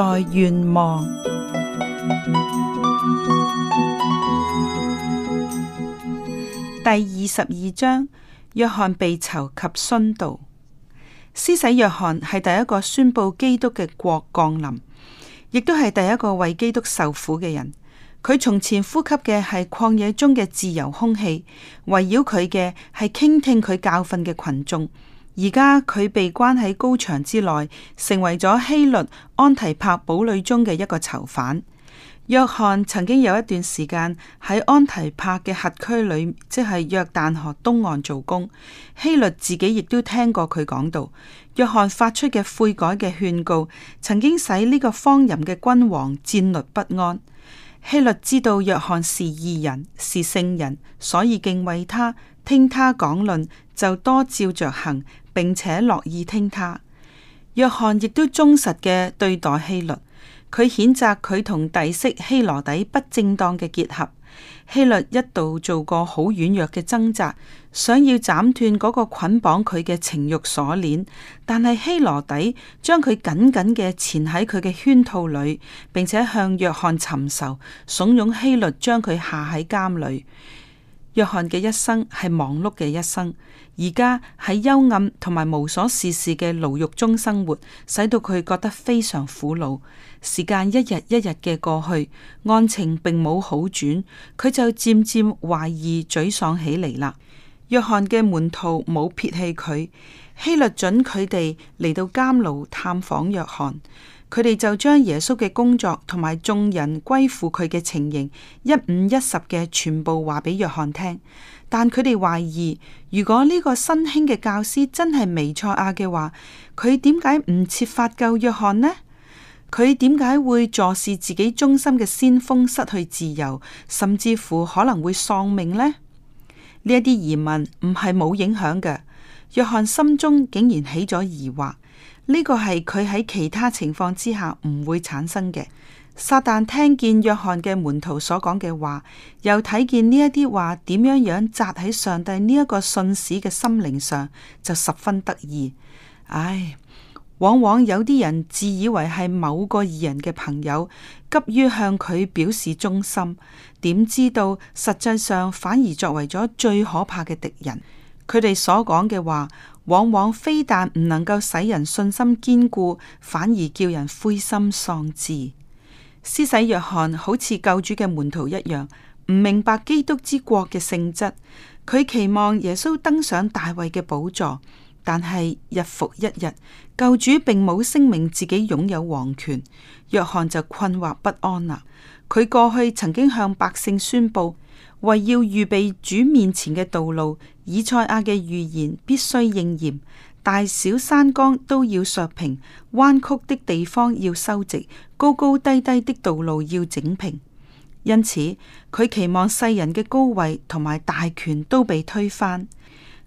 在願望。第二十二章，約翰被囚及殉道。施洗約翰係第一個宣布基督嘅國降臨，亦都係第一個為基督受苦嘅人。佢從前呼吸嘅係曠野中嘅自由空氣，圍繞佢嘅係傾聽佢教訓嘅群眾。而家佢被關喺高牆之內，成為咗希律安提帕堡壘中嘅一個囚犯。約翰曾經有一段時間喺安提帕嘅轄區裏，即係約旦河東岸做工。希律自己亦都聽過佢講道。約翰發出嘅悔改嘅勸告，曾經使呢個荒淫嘅君王戰慄不安。希律知道約翰是義人，是聖人，所以敬畏他，聽他講論就多照着行。並且樂意聽他。約翰亦都忠實嘅對待希律，佢譴責佢同弟媳希羅底不正當嘅結合。希律一度做過好軟弱嘅掙扎，想要斬斷嗰個捆綁佢嘅情欲鎖鏈，但係希羅底將佢緊緊嘅纏喺佢嘅圈套裏，並且向約翰尋仇，慫恿希律將佢下喺監裏。約翰嘅一生係忙碌嘅一生，而家喺幽暗同埋無所事事嘅牢獄中生活，使到佢覺得非常苦惱。時間一日一日嘅過去，案情並冇好轉，佢就漸漸懷疑、沮喪起嚟啦。約翰嘅門徒冇撇棄佢，希律准佢哋嚟到監牢探訪約翰。佢哋就將耶穌嘅工作同埋眾人歸附佢嘅情形一五一十嘅全部話俾約翰聽，但佢哋懷疑，如果呢個新興嘅教師真係彌賽亞嘅話，佢點解唔設法救約翰呢？佢點解會坐視自己忠心嘅先鋒失去自由，甚至乎可能會喪命呢？呢一啲疑問唔係冇影響嘅。約翰心中竟然起咗疑惑，呢、這個係佢喺其他情況之下唔會產生嘅。撒旦聽見約翰嘅門徒所講嘅話，又睇見呢一啲話點樣樣扎喺上帝呢一個信使嘅心靈上，就十分得意。唉，往往有啲人自以為係某個義人嘅朋友，急於向佢表示忠心，點知道實際上反而作為咗最可怕嘅敵人。佢哋所講嘅話，往往非但唔能夠使人信心堅固，反而叫人灰心喪志。施洗約翰好似救主嘅門徒一樣，唔明白基督之國嘅性質。佢期望耶穌登上大衛嘅寶座，但係日復一日，救主並冇聲明自己擁有王權，約翰就困惑不安啦。佢過去曾經向百姓宣佈，為要預備主面前嘅道路，以賽亞嘅預言必須應驗，大小山崗都要削平，彎曲的地方要修直，高高低低的道路要整平。因此，佢期望世人嘅高位同埋大權都被推翻。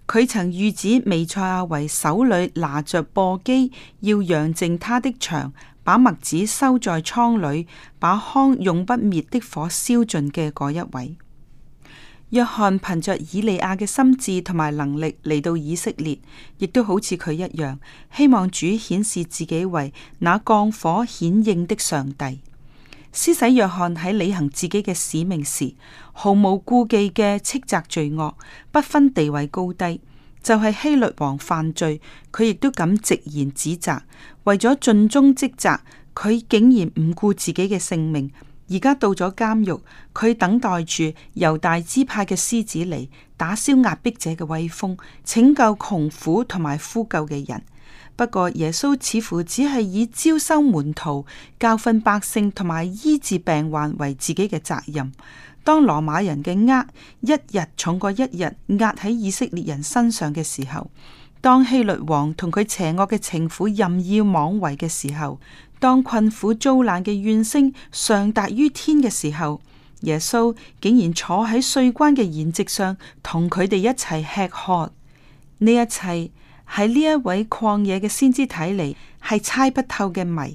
佢曾預指彌賽亞為手裏拿着簸箕，要揚淨他的牆。把麥子收在倉裏，把糠用不滅的火燒盡嘅嗰一位。約翰憑着以利亞嘅心智同埋能力嚟到以色列，亦都好似佢一樣，希望主顯示自己為那降火顯應的上帝。施洗約翰喺履行自己嘅使命時，毫無顧忌嘅斥責罪惡，不分地位高低。就係希律王犯罪，佢亦都敢直言指責。為咗盡忠職責，佢竟然唔顧自己嘅性命。而家到咗監獄，佢等待住猶大支派嘅獅子嚟打消壓迫者嘅威風，拯救窮苦同埋呼救嘅人。不過耶穌似乎只係以招收門徒、教訓百姓同埋醫治病患為自己嘅責任。當羅馬人嘅軛一日重過一日壓喺以色列人身上嘅時候，當希律王同佢邪惡嘅情婦任意妄為嘅時候，當困苦遭難嘅怨聲上達於天嘅時候，耶穌竟然坐喺稅關嘅筵席上同佢哋一齊吃喝。呢一切喺呢一位曠野嘅先知睇嚟係猜不透嘅謎。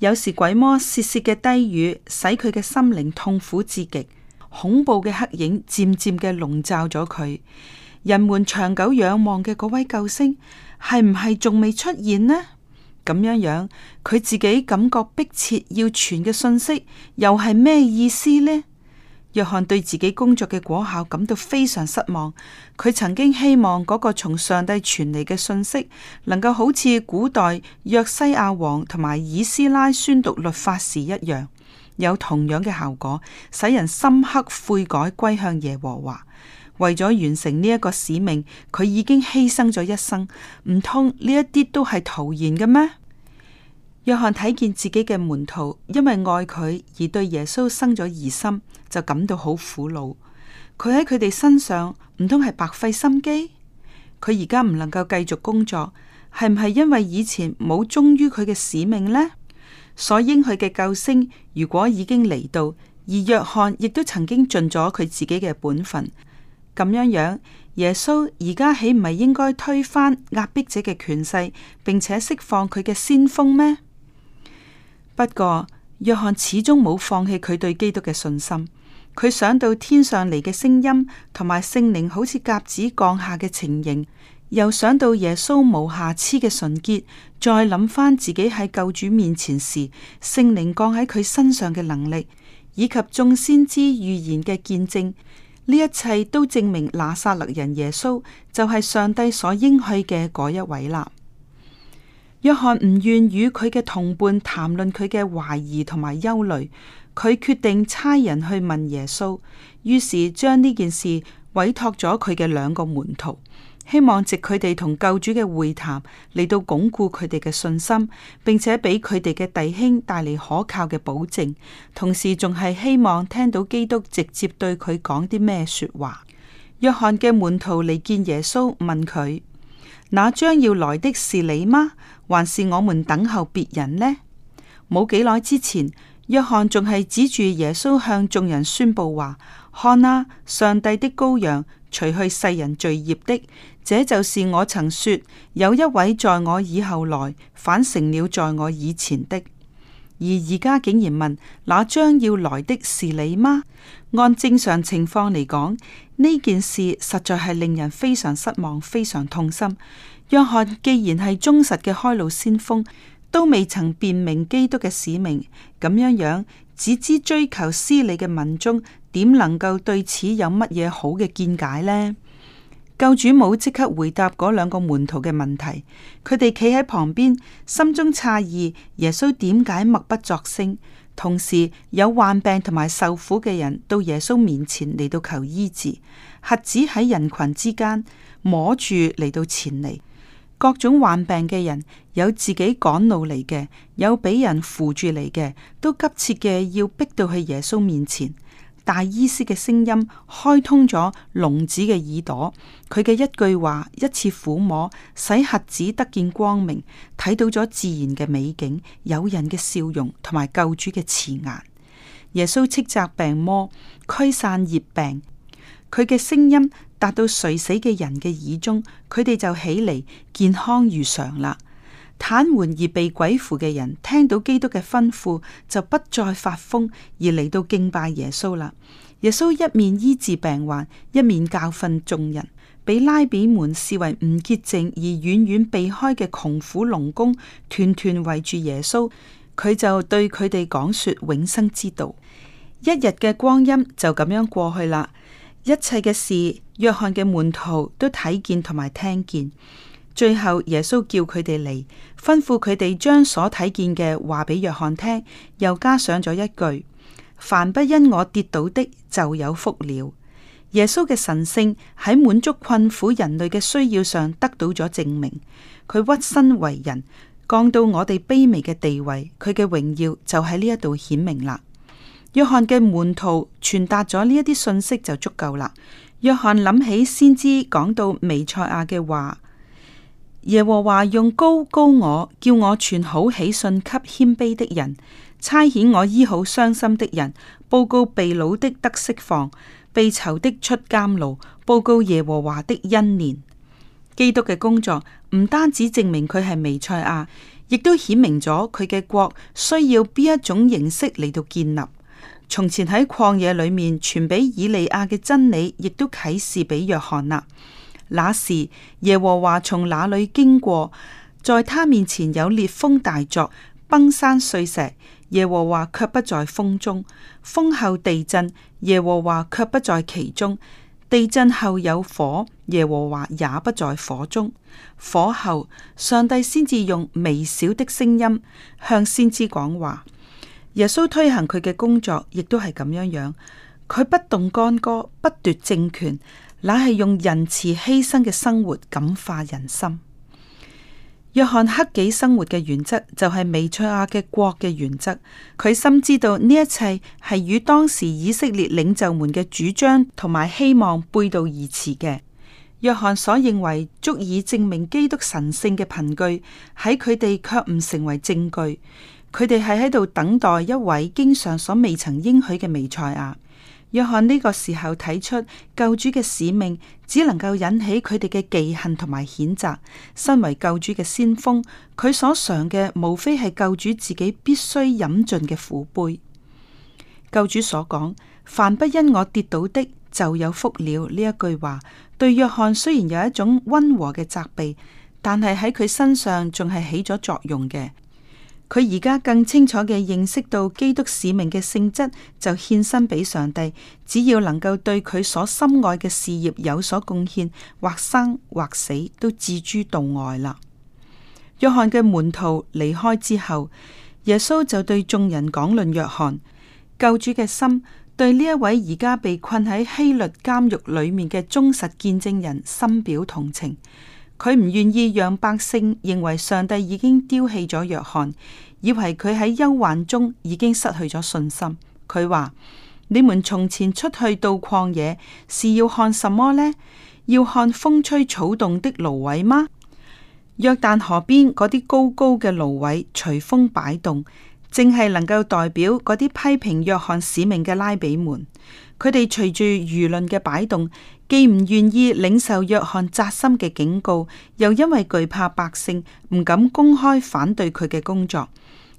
有時鬼魔竊竊嘅低語使佢嘅心靈痛苦至極。恐怖嘅黑影漸漸嘅籠罩咗佢，人們長久仰望嘅嗰位救星，係唔係仲未出現呢？咁樣樣，佢自己感覺迫切要傳嘅信息又係咩意思呢？約翰對自己工作嘅果效感到非常失望。佢曾經希望嗰個從上帝傳嚟嘅信息，能夠好似古代約西亞王同埋以斯拉宣讀律法時一樣。有同樣嘅效果，使人深刻悔改，歸向耶和華。為咗完成呢一個使命，佢已經犧牲咗一生。唔通呢一啲都係徒然嘅咩？約翰睇見自己嘅門徒因為愛佢而對耶穌生咗疑心，就感到好苦惱。佢喺佢哋身上唔通係白費心機？佢而家唔能夠繼續工作，係唔係因為以前冇忠於佢嘅使命呢？所應許嘅救星如果已經嚟到，而約翰亦都曾經盡咗佢自己嘅本分，咁樣樣耶穌而家豈唔係應該推翻壓迫者嘅權勢，並且釋放佢嘅先鋒咩？不過約翰始終冇放棄佢對基督嘅信心，佢想到天上嚟嘅聲音同埋聖靈好似鴿子降下嘅情形。又想到耶穌無瑕疵嘅純潔，再諗翻自己喺救主面前時，聖靈降喺佢身上嘅能力，以及眾先知預言嘅見證，呢一切都證明拿撒勒人耶穌就係上帝所應許嘅嗰一位啦。約翰唔願與佢嘅同伴談論佢嘅懷疑同埋憂慮，佢決定差人去問耶穌，於是將呢件事委託咗佢嘅兩個門徒。希望藉佢哋同救主嘅會談嚟到鞏固佢哋嘅信心，並且俾佢哋嘅弟兄帶嚟可靠嘅保證，同時仲係希望聽到基督直接對佢講啲咩說話。約翰嘅門徒嚟見耶穌問，問佢：，那將要來的是你嗎？還是我們等候別人呢？冇幾耐之前，約翰仲係指住耶穌向眾人宣布話：，看啊，上帝的羔羊。除去世人罪孽的，這就是我曾說，有一位在我以後來，反成了在我以前的。而而家竟然問，那將要來的是你嗎？按正常情況嚟講，呢件事實在係令人非常失望、非常痛心。約翰既然係忠實嘅開路先鋒，都未曾辨明基督嘅使命，咁樣樣只知追求私利嘅民眾。點能夠對此有乜嘢好嘅見解呢？救主冇即刻回答嗰兩個門徒嘅問題，佢哋企喺旁邊，心中詫異耶穌點解默不作聲。同時有患病同埋受苦嘅人到耶穌面前嚟到求醫治，瞎子喺人群之間摸住嚟到前嚟，各種患病嘅人有自己趕路嚟嘅，有俾人扶住嚟嘅，都急切嘅要逼到去耶穌面前。大醫師嘅聲音開通咗聾子嘅耳朵，佢嘅一句話、一次撫摸，使瞎子得見光明，睇到咗自然嘅美景，友人嘅笑容同埋救主嘅慈顏。耶穌斥責病魔，驅散熱病，佢嘅聲音達到垂死嘅人嘅耳中，佢哋就起嚟健康如常啦。癱瘓而被鬼附嘅人聽到基督嘅吩咐，就不再發瘋而嚟到敬拜耶穌啦。耶穌一面醫治病患，一面教訓眾人。俾拉比們視為唔潔淨而遠遠避開嘅窮苦農工，團團圍住耶穌，佢就對佢哋講說永生之道。一日嘅光陰就咁樣過去啦，一切嘅事，約翰嘅門徒都睇見同埋聽見。最後耶穌叫佢哋嚟，吩咐佢哋將所睇見嘅話俾約翰聽，又加上咗一句：凡不因我跌倒的，就有福了。耶穌嘅神聖喺滿足困苦人類嘅需要上得到咗證明。佢屈身為人，降到我哋卑微嘅地位，佢嘅榮耀就喺呢一度顯明啦。約翰嘅門徒傳達咗呢一啲信息就足夠啦。約翰諗起先知講到彌賽亞嘅話。耶和華用高高我，叫我傳好喜訊給謙卑的人，差遣我醫好傷心的人，報告被擄的得釋放，被囚的出監牢，報告耶和華的恩年。基督嘅工作唔單止證明佢係彌賽亞，亦都顯明咗佢嘅國需要邊一種形式嚟到建立。從前喺曠野裏面傳俾以利亞嘅真理，亦都啟示俾約翰納。那時耶和華從那裏經過，在他面前有烈風大作，崩山碎石。耶和華卻不在風中；風後地震，耶和華卻不在其中；地震後有火，耶和華也不在火中。火後，上帝先至用微小的聲音向先知講話。耶穌推行佢嘅工作，亦都係咁樣樣。佢不動干戈，不奪政權。乃係用仁慈犧牲嘅生活感化人心。約翰克己生活嘅原則就係美賽亞嘅國嘅原則。佢、就是、深知道呢一切係與當時以色列領袖們嘅主張同埋希望背道而馳嘅。約翰所認為足以證明基督神聖嘅憑據，喺佢哋卻唔成為證據。佢哋係喺度等待一位經上所未曾應許嘅美賽亞。約翰呢個時候睇出救主嘅使命只能夠引起佢哋嘅忌恨同埋譴責。身為救主嘅先鋒，佢所嘗嘅無非係救主自己必須飲盡嘅苦杯。救主所講，凡不因我跌倒的，就有福了。呢一句話對約翰雖然有一種溫和嘅責備，但係喺佢身上仲係起咗作用嘅。佢而家更清楚嘅認識到基督使命嘅性質，就獻身俾上帝。只要能夠對佢所深愛嘅事業有所貢獻，或生或死都置之度外啦。約翰嘅門徒離開之後，耶穌就對眾人講論約翰，救主嘅心對呢一位而家被困喺希律監獄裏面嘅忠實見證人深表同情。佢唔願意讓百姓認為上帝已經丟棄咗約翰，以為佢喺憂患中已經失去咗信心。佢話：你們從前出去到曠野，是要看什麼呢？要看風吹草動的蘆葦嗎？約旦河邊嗰啲高高嘅蘆葦隨風擺動，正係能夠代表嗰啲批評約翰使命嘅拉比們。佢哋隨住輿論嘅擺動，既唔願意領受約翰扎心嘅警告，又因為懼怕百姓唔敢公開反對佢嘅工作。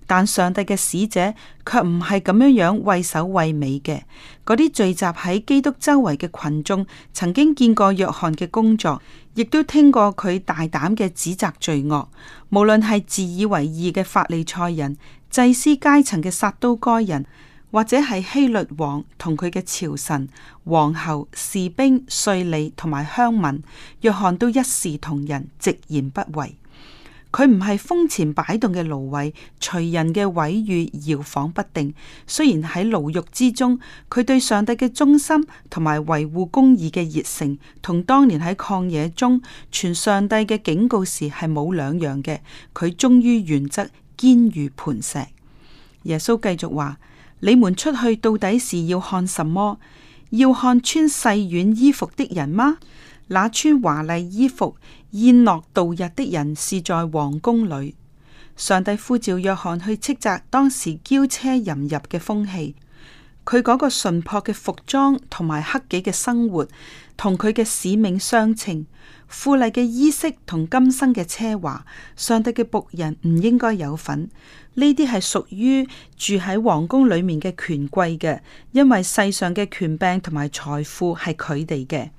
但上帝嘅使者卻唔係咁樣樣畏首畏尾嘅。嗰啲聚集喺基督周圍嘅群眾，曾經見過約翰嘅工作，亦都聽過佢大膽嘅指責罪惡。無論係自以為義嘅法利賽人、祭司階層嘅撒都該人，或者係希律王同佢嘅朝臣、皇后、士兵、稅吏同埋鄉民，約翰都一視同仁，直言不諱。佢唔係風前擺動嘅蘆葦，隨人嘅毀譽搖晃不定。雖然喺牢獄之中，佢對上帝嘅忠心同埋維護公義嘅熱誠，同當年喺曠野中傳上帝嘅警告時係冇兩樣嘅。佢忠於原則，堅如磐石。耶穌繼續話。你們出去到底是要看什麼？要看穿細軟衣服的人嗎？那穿華麗衣服宴樂度日的人，是在皇宮裏。上帝呼召約翰去斥責當時驕奢淫逸嘅風氣。佢嗰個純樸嘅服裝同埋克己嘅生活，同佢嘅使命相稱。富麗嘅衣飾同今生嘅奢華，上帝嘅僕人唔應該有份。呢啲係屬於住喺皇宮裏面嘅權貴嘅，因為世上嘅權柄同埋財富係佢哋嘅。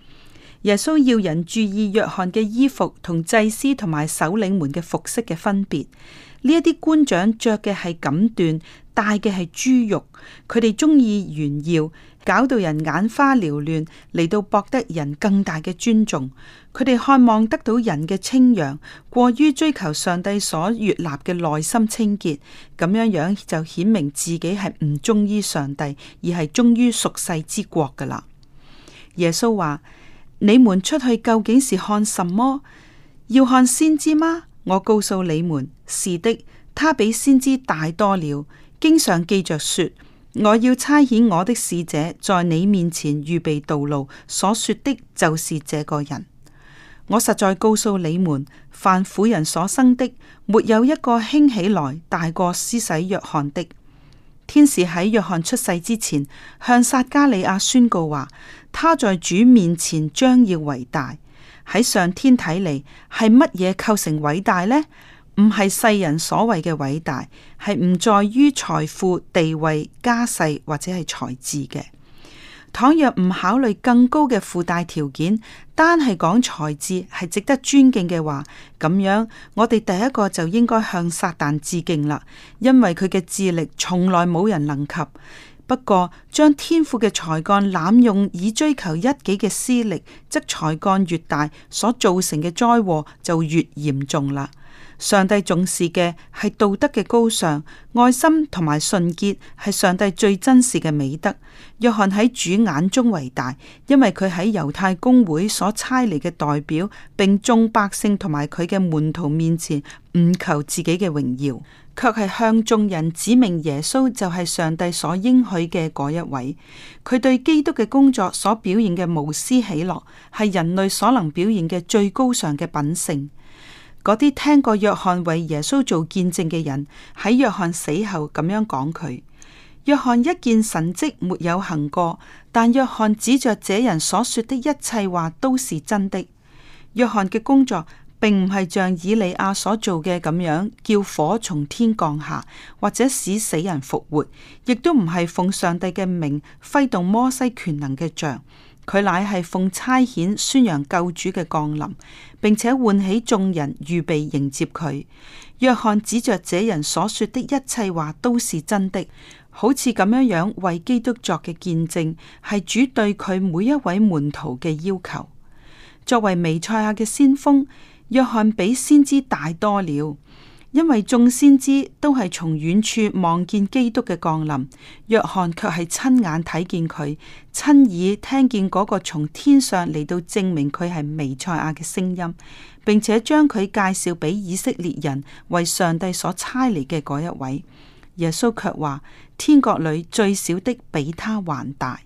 耶穌要人注意約翰嘅衣服同祭司同埋首領們嘅服飾嘅分別。呢一啲官長着嘅係錦緞，戴嘅係豬肉，佢哋中意炫耀。搞到人眼花繚亂，嚟到博得人更大嘅尊重。佢哋渴望得到人嘅清揚，過於追求上帝所悅納嘅內心清潔，咁樣樣就顯明自己係唔忠於上帝，而係忠於屬世之國噶啦。耶穌話：你們出去究竟是看什麼？要看先知嗎？我告訴你們，是的，他比先知大多了。經上記着說。我要差遣我的使者在你面前預備道路，所說的就是這個人。我實在告訴你們，凡婦人所生的，沒有一個興起來大過施洗約翰的。天使喺約翰出世之前，向撒迦利亞宣告話，他在主面前將要偉大。喺上天睇嚟，係乜嘢構成偉大呢？唔係世人所謂嘅偉大，係唔在於財富、地位、家世或者係才智嘅。倘若唔考慮更高嘅附帶條件，單係講才智係值得尊敬嘅話，咁樣我哋第一個就應該向撒旦致敬啦，因為佢嘅智力從來冇人能及。不過將天賦嘅才幹濫用以追求一己嘅私利，則才幹越大，所造成嘅災禍就越嚴重啦。上帝重視嘅係道德嘅高尚、愛心同埋純潔，係上帝最珍視嘅美德。約翰喺主眼中為大，因為佢喺猶太公會所差嚟嘅代表，並眾百姓同埋佢嘅門徒面前，唔求自己嘅榮耀，卻係向眾人指明耶穌就係上帝所應許嘅嗰一位。佢對基督嘅工作所表現嘅無私喜樂，係人類所能表現嘅最高尚嘅品性。嗰啲聽過約翰為耶穌做見證嘅人，喺約翰死後咁樣講佢：約翰一件神蹟沒有行過，但約翰指着這人所說的一切話都是真的。約翰嘅工作，並唔係像以利亞所做嘅咁樣，叫火從天降下，或者使死人復活，亦都唔係奉上帝嘅名，揮動摩西權能嘅杖。佢乃係奉差遣宣揚救主嘅降臨，並且喚起眾人預備迎接佢。約翰指着這人所說的一切話都是真的，好似咁樣樣為基督作嘅見證，係主對佢每一位門徒嘅要求。作為彌賽亞嘅先鋒，約翰比先知大多了。因為眾先知都係從遠處望見基督嘅降臨，約翰卻係親眼睇見佢，親耳聽見嗰個從天上嚟到證明佢係彌賽亞嘅聲音，並且將佢介紹俾以色列人為上帝所差嚟嘅嗰一位。耶穌卻話：天國裏最小的比他還大。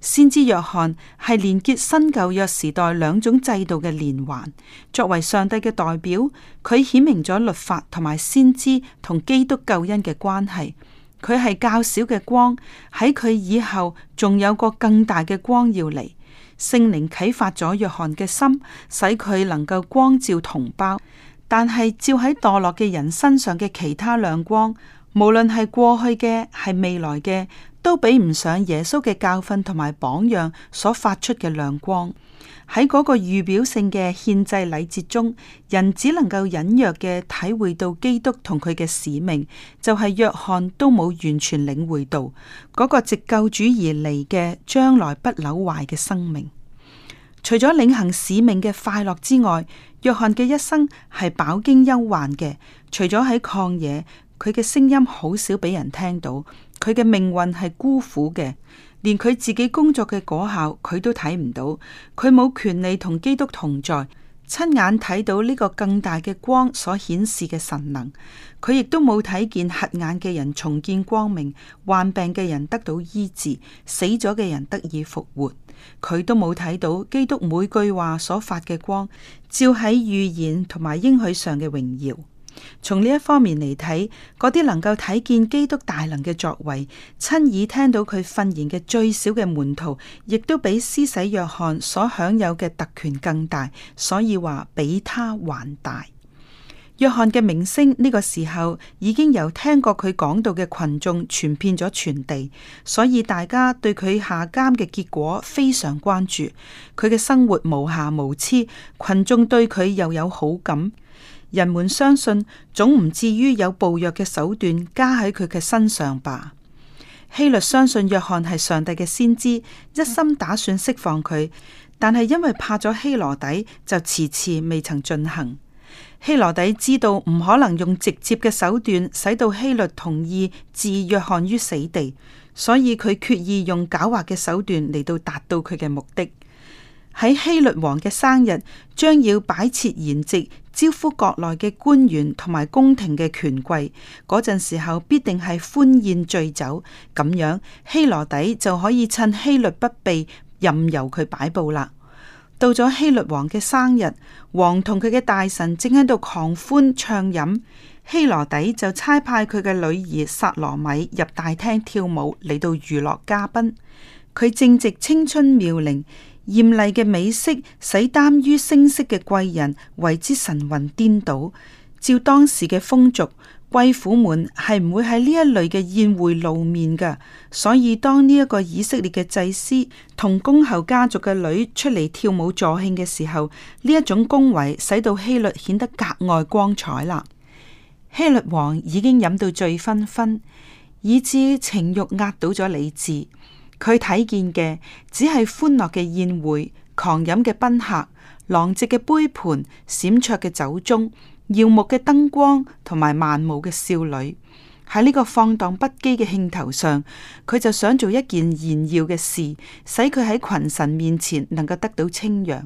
先知約翰係連結新舊約時代兩種制度嘅連環，作為上帝嘅代表，佢顯明咗律法同埋先知同基督救恩嘅關係。佢係較小嘅光，喺佢以後仲有個更大嘅光要嚟。聖靈啟發咗約翰嘅心，使佢能夠光照同胞，但係照喺墮落嘅人身上嘅其他亮光，無論係過去嘅，係未來嘅。都比唔上耶穌嘅教訓同埋榜樣所發出嘅亮光。喺嗰個預表性嘅獻祭禮節中，人只能夠隱約嘅體會到基督同佢嘅使命，就係、是、約翰都冇完全領會到嗰、那個藉救主而嚟嘅將來不朽壞嘅生命。除咗領行使命嘅快樂之外，約翰嘅一生係飽經憂患嘅。除咗喺曠野，佢嘅聲音好少俾人聽到。佢嘅命運係孤苦嘅，連佢自己工作嘅果效佢都睇唔到，佢冇權利同基督同在，親眼睇到呢個更大嘅光所顯示嘅神能，佢亦都冇睇見瞎眼嘅人重見光明，患病嘅人得到醫治，死咗嘅人得以復活，佢都冇睇到基督每句話所發嘅光，照喺預言同埋應許上嘅榮耀。從呢一方面嚟睇，嗰啲能夠睇見基督大能嘅作為、親耳聽到佢訓言嘅最少嘅門徒，亦都比施洗約翰所享有嘅特權更大，所以話比他還大。約翰嘅名聲呢個時候已經由聽過佢講道嘅群眾傳遍咗全地，所以大家對佢下監嘅結果非常關注。佢嘅生活無瑕無疵，群眾對佢又有好感。人們相信總唔至於有暴虐嘅手段加喺佢嘅身上吧？希律相信約翰係上帝嘅先知，一心打算釋放佢，但係因為怕咗希羅底，就遲遲未曾進行。希羅底知道唔可能用直接嘅手段使到希律同意置約翰於死地，所以佢決意用狡猾嘅手段嚟到達到佢嘅目的。喺希律王嘅生日，將要擺設筵席。招呼國內嘅官員同埋宮廷嘅權貴，嗰陣時候必定係歡宴醉酒，咁樣希羅底就可以趁希律不備，任由佢擺布啦。到咗希律王嘅生日，王同佢嘅大臣正喺度狂歡暢飲，希羅底就差派佢嘅女兒撒羅米入大廳跳舞嚟到娛樂嘉賓，佢正值青春妙齡。艷麗嘅美色使耽於聲色嘅貴人為之神魂顛倒。照當時嘅風俗，貴婦們係唔會喺呢一類嘅宴會露面嘅。所以當呢一個以色列嘅祭司同公侯家族嘅女出嚟跳舞助興嘅時候，呢一種恭維使到希律顯得格外光彩啦。希律王已經飲到醉醺醺，以致情欲壓倒咗理智。佢睇見嘅只係歡樂嘅宴會、狂飲嘅賓客、狼藉嘅杯盤、閃爍嘅酒盅、耀目嘅燈光同埋曼舞嘅少女。喺呢個放蕩不羈嘅興頭上，佢就想做一件炫耀嘅事，使佢喺群臣面前能夠得到清揚。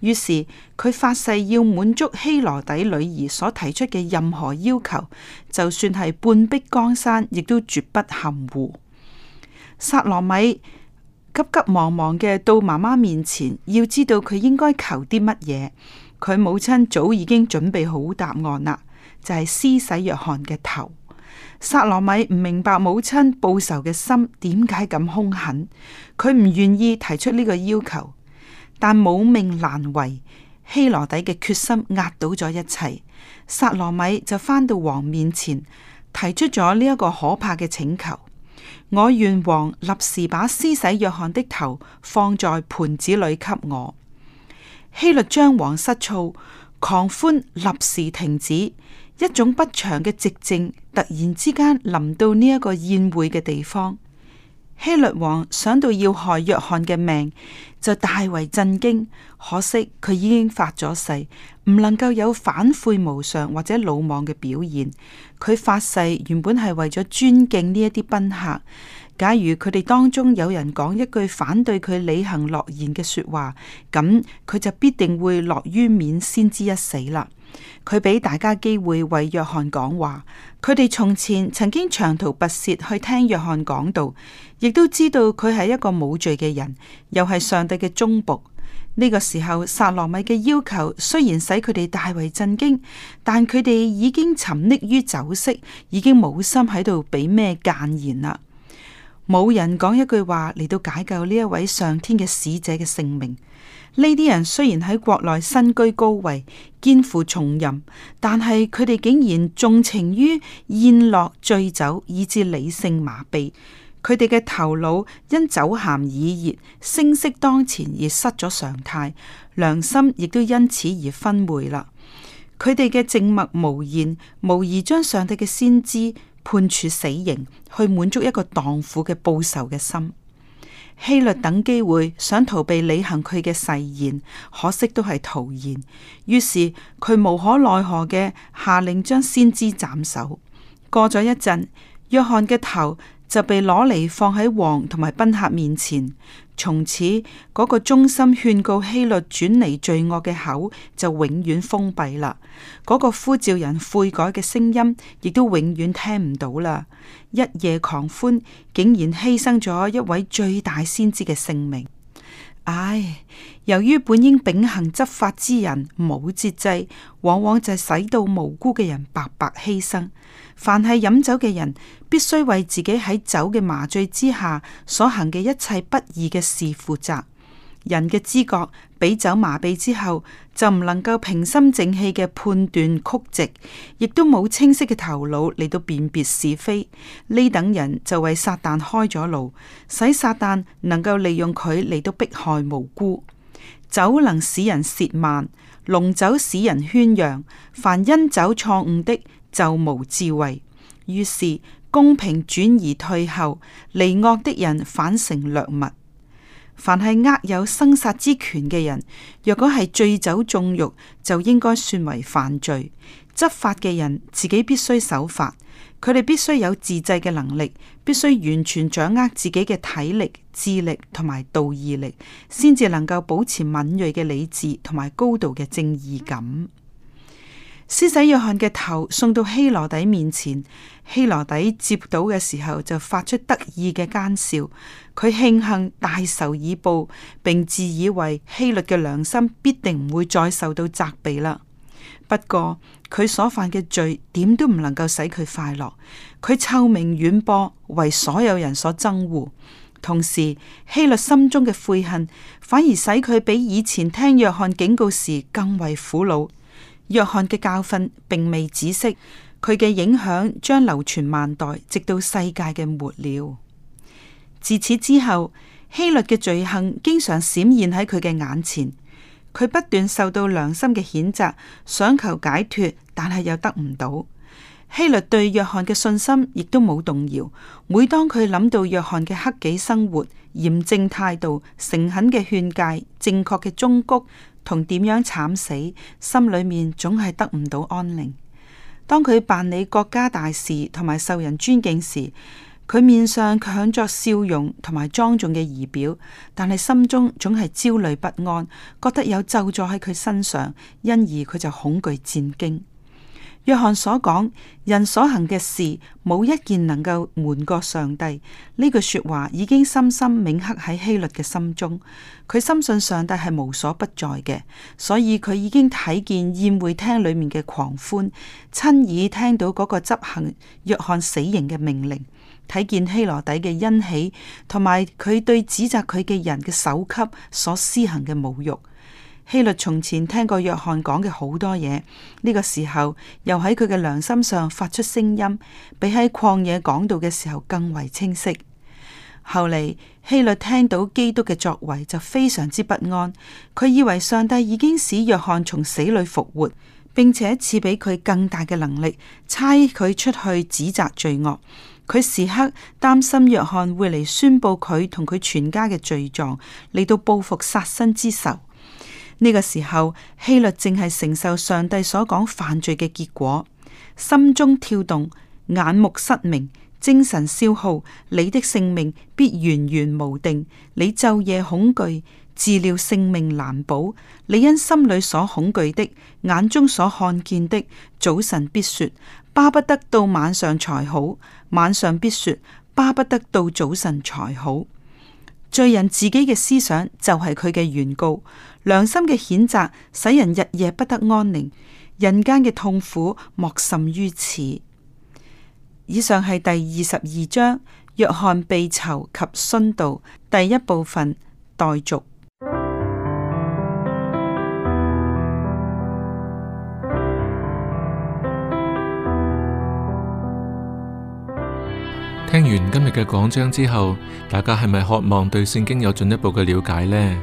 於是佢發誓要滿足希羅底女兒所提出嘅任何要求，就算係半壁江山，亦都絕不含糊。撒羅米急急忙忙嘅到媽媽面前，要知道佢應該求啲乜嘢。佢母親早已經準備好答案啦，就係、是、撕洗約翰施洗約翰嘅頭。撒羅米唔明白母親報仇嘅心點解咁兇狠，佢唔願意提出呢個要求，但母命難違，希羅底嘅決心壓倒咗一切。撒羅米就返到王面前，提出咗呢一個可怕嘅請求。我願王立時把施洗約翰的頭放在盤子裏給我。希律張皇失措，狂歡立時停止。一種不祥嘅寂靜突然之間臨到呢一個宴會嘅地方。希律王想到要害約翰嘅命，就大為震驚。可惜佢已經發咗誓，唔能夠有反悔無常或者魯莽嘅表現。佢發誓原本係為咗尊敬呢一啲賓客，假如佢哋當中有人講一句反對佢履行諾言嘅說話，咁佢就必定會樂於免先知一死啦。佢畀大家機會為約翰講話，佢哋從前曾經長途跋涉去聽約翰講道，亦都知道佢係一個冇罪嘅人，又係上帝嘅忠僕。呢、這個時候撒羅米嘅要求雖然使佢哋大為震驚，但佢哋已經沉溺於酒色，已經冇心喺度俾咩諫言啦。冇人講一句話嚟到解救呢一位上天嘅使者嘅性命。呢啲人雖然喺國內身居高位、肩負重任，但係佢哋竟然重情於宴樂、醉酒，以致理性麻痹。佢哋嘅頭腦因酒酣已熱，聲色當前而失咗常態，良心亦都因此而昏昧啦。佢哋嘅靜默無言，無疑將上帝嘅先知。判處死刑，去滿足一個蕩婦嘅報仇嘅心，希律等機會想逃避履行佢嘅誓言，可惜都係徒然。於是佢無可奈何嘅下令將先知斬首。過咗一陣，約翰嘅頭就被攞嚟放喺王同埋賓客面前。從此嗰個忠心勸告希律轉離罪惡嘅口就永遠封閉啦，嗰個呼召人悔改嘅聲音亦都永遠聽唔到啦。一夜狂歡竟然犧牲咗一位最大先知嘅性命，唉！由於本應秉行執法之人冇節制，往往就係使到無辜嘅人白白犧牲。凡係飲酒嘅人，必須為自己喺酒嘅麻醉之下所行嘅一切不義嘅事負責。人嘅知覺俾酒麻痹之後，就唔能夠平心靜氣嘅判斷曲直，亦都冇清晰嘅頭腦嚟到辨別是非。呢等人就為撒旦開咗路，使撒旦能夠利用佢嚟到迫害無辜。酒能使人褻慢，濃酒使人喧嚷，凡因酒錯誤的就無智慧。於是，公平轉而退後，離惡的人反成掠物。凡係握有生殺之權嘅人，若果係醉酒縱慾，就應該算為犯罪。執法嘅人自己必須守法，佢哋必須有自制嘅能力，必須完全掌握自己嘅體力、智力同埋道義力，先至能夠保持敏銳嘅理智同埋高度嘅正義感。施洗約翰嘅頭送到希羅底面前，希羅底接到嘅時候就發出得意嘅奸笑。佢慶幸大仇已報，並自以為希律嘅良心必定唔會再受到責備啦。不過佢所犯嘅罪點都唔能夠使佢快樂。佢臭名遠播，為所有人所憎惡。同時，希律心中嘅悔恨反而使佢比以前聽約翰警告時更為苦惱。約翰嘅教訓並未止息，佢嘅影響將流傳萬代，直到世界嘅末了。自此之後，希律嘅罪行經常閃現喺佢嘅眼前，佢不斷受到良心嘅譴責，想求解脫，但係又得唔到。希律對約翰嘅信心亦都冇動搖，每當佢諗到約翰嘅克己生活、嚴正態度、誠懇嘅勸誡、正確嘅忠告。同點樣慘死，心裏面總係得唔到安寧。當佢辦理國家大事同埋受人尊敬時，佢面上強作笑容同埋莊重嘅儀表，但係心中總係焦慮不安，覺得有咒詛喺佢身上，因而佢就恐懼戰驚。約翰所講，人所行嘅事，冇一件能夠瞞過上帝。呢句說話已經深深銘刻喺希律嘅心中。佢深信上帝係無所不在嘅，所以佢已經睇見宴會廳裏面嘅狂歡，親耳聽到嗰個執行約翰死刑嘅命令，睇見希羅底嘅欣喜，同埋佢對指責佢嘅人嘅首級所施行嘅侮辱。希律從前聽過約翰講嘅好多嘢，呢個時候又喺佢嘅良心上發出聲音，比喺曠野講道嘅時候更為清晰。後嚟希律聽到基督嘅作為就非常之不安，佢以為上帝已經使約翰從死裏復活，並且賜俾佢更大嘅能力，差佢出去指責罪惡。佢時刻擔心約翰會嚟宣布佢同佢全家嘅罪狀，嚟到報復殺身之仇。呢個時候，希律正係承受上帝所講犯罪嘅結果，心中跳動，眼目失明，精神消耗，你的性命必懸懸無定。你晝夜恐懼，治療性命難保。你因心裏所恐懼的，眼中所看見的，早晨必說：巴不得到晚上才好；晚上必說：巴不得到早晨才好。罪人自己嘅思想就係佢嘅原告。良心嘅譴責，使人日夜不得安寧；人間嘅痛苦，莫甚於此。以上係第二十二章，約翰被囚及殉道第一部分，待續。聽完今日嘅講章之後，大家係咪渴望對聖經有進一步嘅了解呢？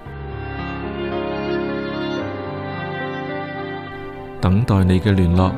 等待你嘅聯絡。